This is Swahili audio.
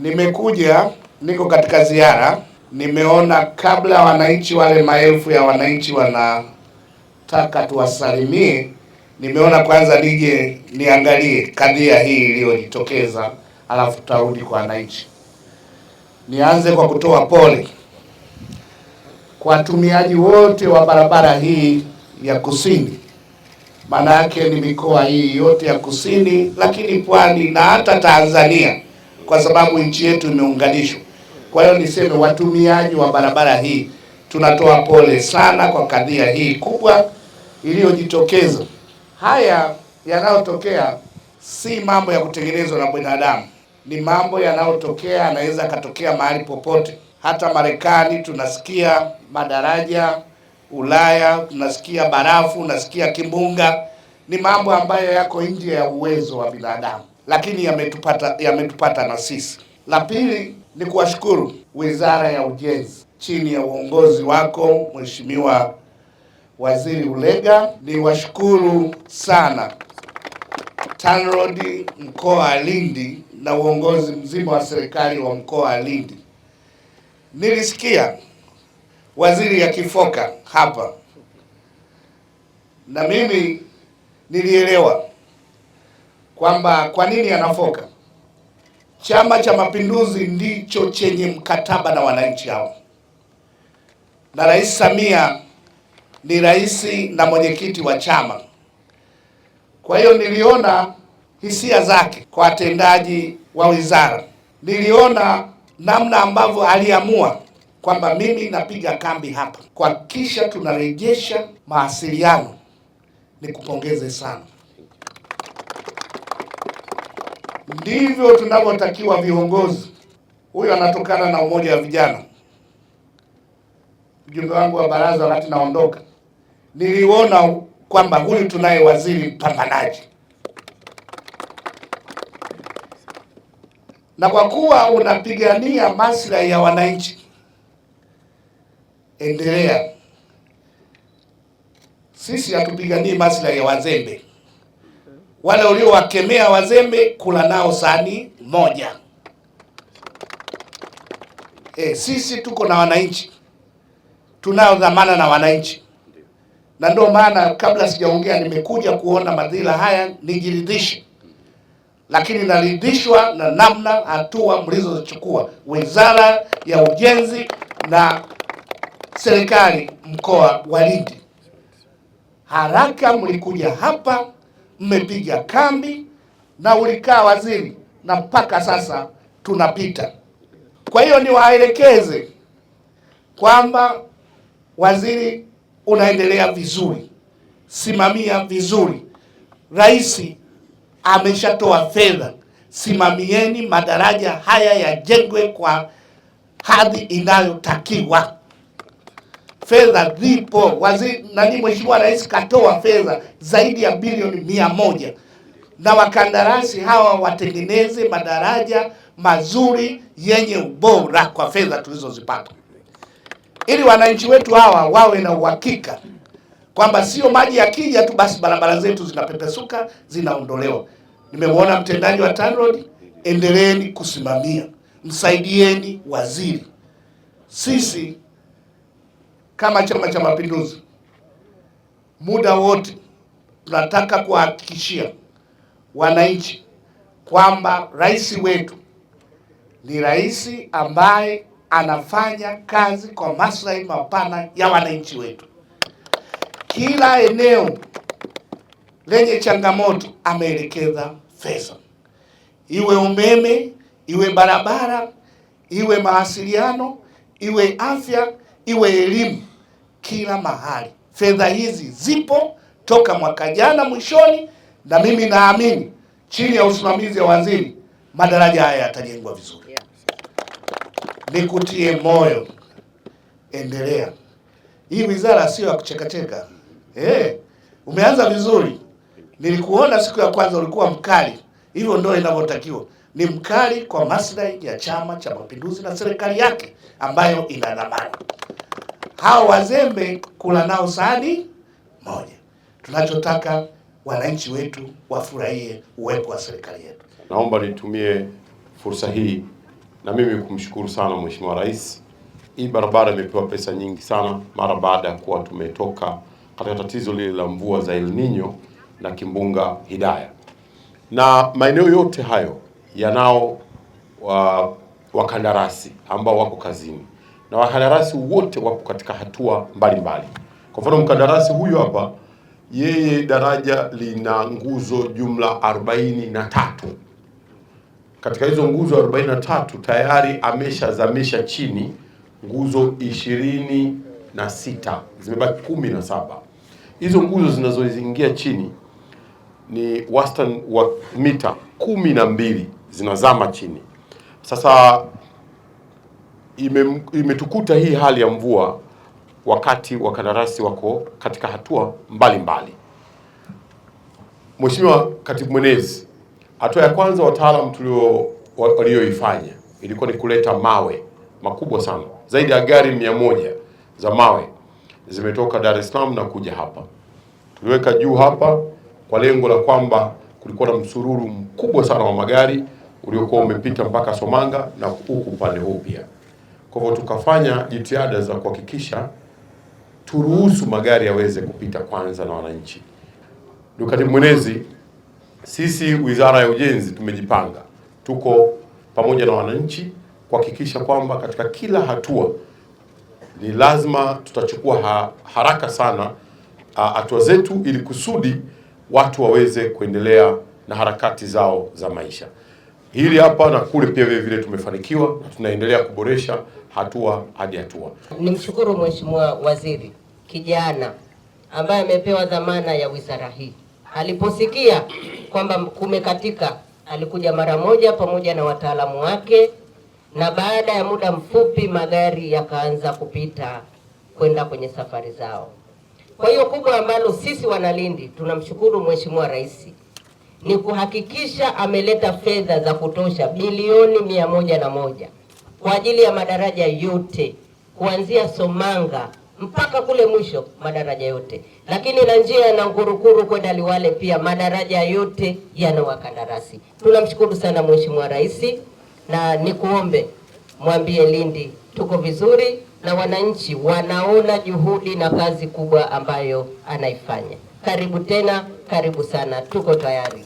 Nimekuja, niko katika ziara, nimeona kabla wananchi wale maelfu ya wananchi wanataka tuwasalimie, nimeona kwanza nije niangalie kadhia hii iliyojitokeza, alafu tutarudi kwa wananchi. Nianze kwa kutoa pole kwa watumiaji wote wa barabara hii ya kusini, maana yake ni mikoa hii yote ya kusini, lakini pwani na hata Tanzania kwa sababu nchi yetu imeunganishwa. Kwa hiyo niseme, watumiaji wa barabara hii tunatoa pole sana kwa kadhia hii kubwa iliyojitokeza. Haya yanayotokea si mambo ya kutengenezwa na binadamu, ni mambo yanayotokea, anaweza akatokea mahali popote. Hata Marekani tunasikia madaraja, Ulaya tunasikia barafu, unasikia kimbunga. Ni mambo ambayo yako nje ya uwezo wa binadamu lakini yametupata yametupata na sisi. La pili ni kuwashukuru Wizara ya Ujenzi chini ya uongozi wako Mheshimiwa Waziri Ulega, ni washukuru sana TANROADS mkoa wa Lindi na uongozi mzima wa serikali wa mkoa wa Lindi. Nilisikia waziri akifoka hapa na mimi nilielewa kwamba kwa nini anafoka. Chama cha Mapinduzi ndicho chenye mkataba na wananchi hao, na Rais Samia ni rais na mwenyekiti wa chama. Kwa hiyo niliona hisia zake kwa watendaji wa wizara, niliona namna ambavyo aliamua kwamba mimi napiga kambi hapa kuhakikisha tunarejesha mawasiliano. Nikupongeze sana. Ndivyo tunavyotakiwa viongozi. Huyu anatokana na umoja wa vijana. Mjumbe wangu wa baraza, wakati naondoka, niliona kwamba huyu tunaye waziri mpambanaji, na kwa kuwa unapigania maslahi ya wananchi, endelea. Sisi hatupiganii maslahi ya wazembe wale uliowakemea wazembe kula nao sahani moja. E, sisi tuko na wananchi, tunao dhamana na wananchi, na ndio maana kabla sijaongea nimekuja kuona madhila haya nijiridhishe, lakini naridhishwa na namna hatua mlizochukua Wizara ya Ujenzi na serikali mkoa wa Lindi. Haraka mlikuja hapa mmepiga kambi na ulikaa waziri, na mpaka sasa tunapita. Kwa hiyo niwaelekeze kwamba waziri, unaendelea vizuri, simamia vizuri. Rais ameshatoa fedha, simamieni madaraja haya yajengwe kwa hadhi inayotakiwa fedha zipo. Waziri nani, Mheshimiwa Rais katoa fedha zaidi ya bilioni mia moja na wakandarasi hawa watengeneze madaraja mazuri yenye ubora kwa fedha tulizozipata, ili wananchi wetu hawa wawe na uhakika kwamba sio maji yakija tu basi barabara zetu zinapepesuka zinaondolewa. Nimemwona mtendaji wa TANROADS, endeleeni kusimamia, msaidieni waziri sisi kama Chama cha Mapinduzi muda wote tunataka kuhakikishia wananchi kwamba rais wetu ni rais ambaye anafanya kazi kwa maslahi mapana ya wananchi wetu. Kila eneo lenye changamoto ameelekeza fedha, iwe umeme, iwe barabara, iwe mawasiliano, iwe afya, iwe elimu kila mahali. Fedha hizi zipo toka mwaka jana mwishoni, na mimi naamini chini ya usimamizi wa waziri madaraja haya yatajengwa vizuri. Nikutie moyo, endelea. Hii wizara sio ya kuchekacheka. Eh, umeanza vizuri. Nilikuona siku ya kwanza ulikuwa mkali, hivyo ndio inavyotakiwa. Ni mkali kwa maslahi ya Chama cha Mapinduzi na serikali yake ambayo ina dhamana hao wazembe kula nao sahani moja. Tunachotaka wananchi wetu wafurahie uwepo wa serikali yetu. Naomba nitumie fursa hii na mimi kumshukuru sana Mheshimiwa Rais. Hii barabara imepewa pesa nyingi sana mara baada ya kuwa tumetoka katika tatizo lile la mvua za El Nino na kimbunga Hidaya, na maeneo yote hayo yanao wa, uh, wakandarasi ambao wako kazini na wakandarasi wote wapo katika hatua mbalimbali. Kwa mfano mkandarasi huyu hapa, yeye daraja lina nguzo jumla 43. Katika hizo nguzo 43 tayari ameshazamisha chini nguzo 26 zimebaki 17 Hizo nguzo zinazoingia chini ni wastani wa mita 12 zinazama chini sasa ime, imetukuta hii hali ya mvua wakati wakandarasi wako katika hatua mbalimbali. Mheshimiwa Katibu Mwenezi, hatua ya kwanza wataalam tulio walioifanya ilikuwa ni kuleta mawe makubwa sana, zaidi ya gari mia moja za mawe zimetoka Dar es Salaam na kuja hapa. Tuliweka juu hapa kwa lengo la kwamba kulikuwa na msururu mkubwa sana wa magari uliokuwa umepita mpaka Somanga na huku upande huu pia. Kwa hivyo tukafanya jitihada za kuhakikisha turuhusu magari yaweze kupita kwanza na wananchi. Ndugu Katibu Mwenezi, sisi Wizara ya Ujenzi tumejipanga, tuko pamoja na wananchi kuhakikisha kwamba katika kila hatua ni lazima tutachukua ha haraka sana hatua zetu ili kusudi watu waweze kuendelea na harakati zao za maisha hili hapa na kule pia vile vile tumefanikiwa na tunaendelea kuboresha hatua hadi hatua. Nimshukuru Mheshimiwa Waziri kijana ambaye amepewa dhamana ya wizara hii. Aliposikia kwamba kumekatika, alikuja mara moja pamoja na wataalamu wake, na baada ya muda mfupi magari yakaanza kupita kwenda kwenye safari zao. Kwa hiyo kubwa ambalo sisi Wanalindi tunamshukuru Mheshimiwa Rais ni kuhakikisha ameleta fedha za kutosha bilioni mia moja na moja kwa ajili ya madaraja yote kuanzia Somanga mpaka kule mwisho madaraja yote, lakini na njia ya Nangurukuru kwenda Liwale pia madaraja yote yana wakandarasi. Tunamshukuru sana Mheshimiwa Rais, na nikuombe mwambie Lindi tuko vizuri na wananchi wanaona juhudi na kazi kubwa ambayo anaifanya. Karibu tena, karibu sana, tuko tayari.